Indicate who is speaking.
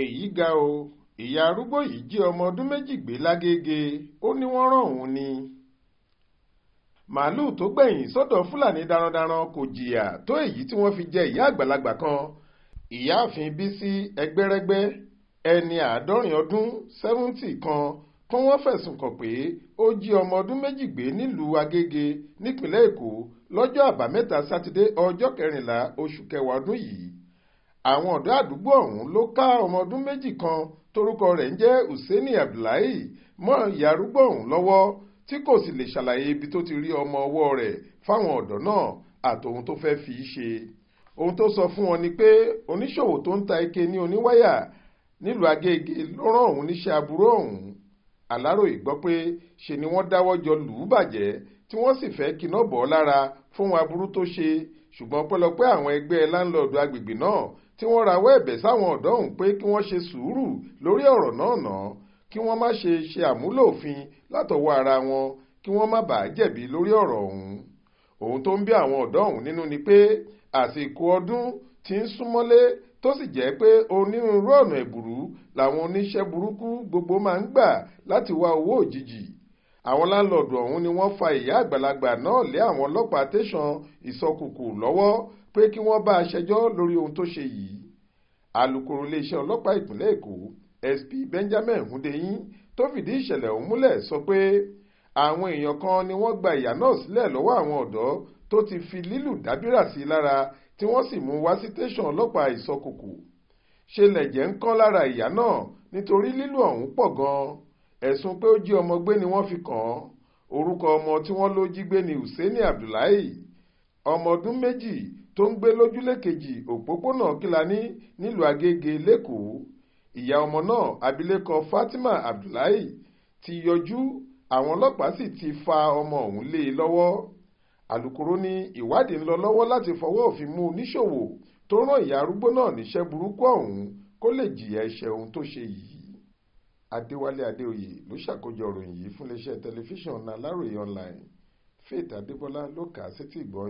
Speaker 1: èyí ga o ìyá arúgbó yìí jí ọmọ ọdún méjì gbé lágége ó ní wọ́n rán òun ni màálùú tó gbẹ̀yìn sọ́dọ̀ fúlàní darandaran kò jìyà tó èyí tí wọ́n fi jẹ ìyá àgbàlagbà kan ìyáàfin bísí ẹgbẹ́rẹ́gbẹ́ ẹni àádọ́rin ọdún sẹ́wọ́ntì kan tó wọ́n fẹ̀sùn kàn pé ó jí ọmọ ọdún méjì gbé nílùú agége nípínlẹ̀ èkó lọ́jọ́ àbámẹ́ta sátidé ọjọ́ kẹrìnlá oṣù kẹwàá ọdún yìí àwọn ọ̀dọ́ àdúgbò ọ̀hún ló ká ọmọ ọdún méjì kan torúkọ rẹ̀ ń jẹ́ Hussaini Abdullahi mọ́ ìyá arúgbó ọ̀hún lọ́wọ́ tí kò sì lè ṣàlàyé ibi tó ti rí ọmọ ọwọ́ rẹ̀ fáwọn ọ̀dọ́ náà àtòhun tó fẹ́ fi í ṣe ohun tó sọ fún wọn ni pé oníṣòwò tó ń ta ike ní oníwáyà nílùú Agége ló rán òun níṣẹ́ aburú ọ̀hún Aláròyé gbọ́ pé ṣe ni wọ́n dáwọ́ jọ lù ú bàjẹ́ tí wọ́n sì fẹ́ kiná bọ̀ ọ́ lára fóun aburú tó ṣe ṣùgbọ́n pẹ́lọpẹ́ àwọn ẹgbẹ́ láńlọ́ọ̀dù agbègbè náà tí wọ́n rawọ́ ẹ̀bẹ̀ sáwọn ọ̀dọ́ ọ̀hún pé kí wọ́n ṣe sùúrù lórí ọ̀rọ̀ náà náà kí wọ́n má ṣe ṣe àmúlò òfin látọwọ́ ara wọn kí wọ́n má bàa jẹ̀bi lórí ọ̀rọ̀ ọ̀hún ohun tó ń bí àwọn ọ̀dọ́ ọ̀hún nínú ni pé àsìkò ọdún ti ń súnmọ́lé tó sì jẹ́ pé onírúurú ọ̀nà ẹ̀bùrú làwọn oníṣẹ́ burúkú gbogbo máa ń gbà láti wá owó òjijì àwọn láńlọ́ọ̀dù ọ̀hún ni wọ́n fa ìyá àgbàlagbà náà lé àwọn ọlọ́pàá tẹ̀sán ìsọkùkù lọ́wọ́ pé kí wọ́n bá a ṣẹjọ́ lórí ohun tó ṣe yìí alūkkóró iléeṣẹ́ ọlọ́pàá ìpínlẹ̀ èkó sp benjamin hundeyin tó fìdí ìṣẹ̀lẹ̀ ọ̀hún múlẹ̀ sọ pé àwọn èèyàn kan ni wọ́n gba ìyá náà sílẹ̀ lọ́wọ́ àwọn ọ̀dọ́ tó ti fi lílù dábìrà sí i lára tí wọ́n sì mú wá sí tẹ̀sán ọlọ́pàá ìsọkùkù ṣe lẹ̀jẹ̀ ń lára ìyá náà nítorí lílù ọ̀hún pọ̀ gan-an ẹ̀sùn pé ó jí ọmọ gbé ni wọ́n fi kàn án orúkọ ọmọ tí wọ́n ló jí gbé ni Hussaini Abdullahi ọmọ ọdún méjì tó ń gbé lójúlé kejì òpópónà Kílání nílùú Agége lẹ́kọ̀ọ́ ìyá ọmọ náà abilékọ Fatima Abdullahi ti yọjú àwọn ọlọ́pàá sì ti fa ọmọ ọ̀hún lé e lọ́wọ́ alūkkóró ní ìwádìí ń lọ lọ́wọ́ láti fọwọ́ òfin mú oníṣòwò tó rán ìyá arúgbó náà níṣẹ́ burúkú ọ̀hún kó lè jìyà ẹ̀ṣẹ̀ ohun tó ṣe yìí adéwálé adéoyè ló ṣàkójọ ìròyìn yìí fún iléeṣẹ́ tẹlifíṣàn aláròye online faith adébọlá ló kà á sétí ìgbọ́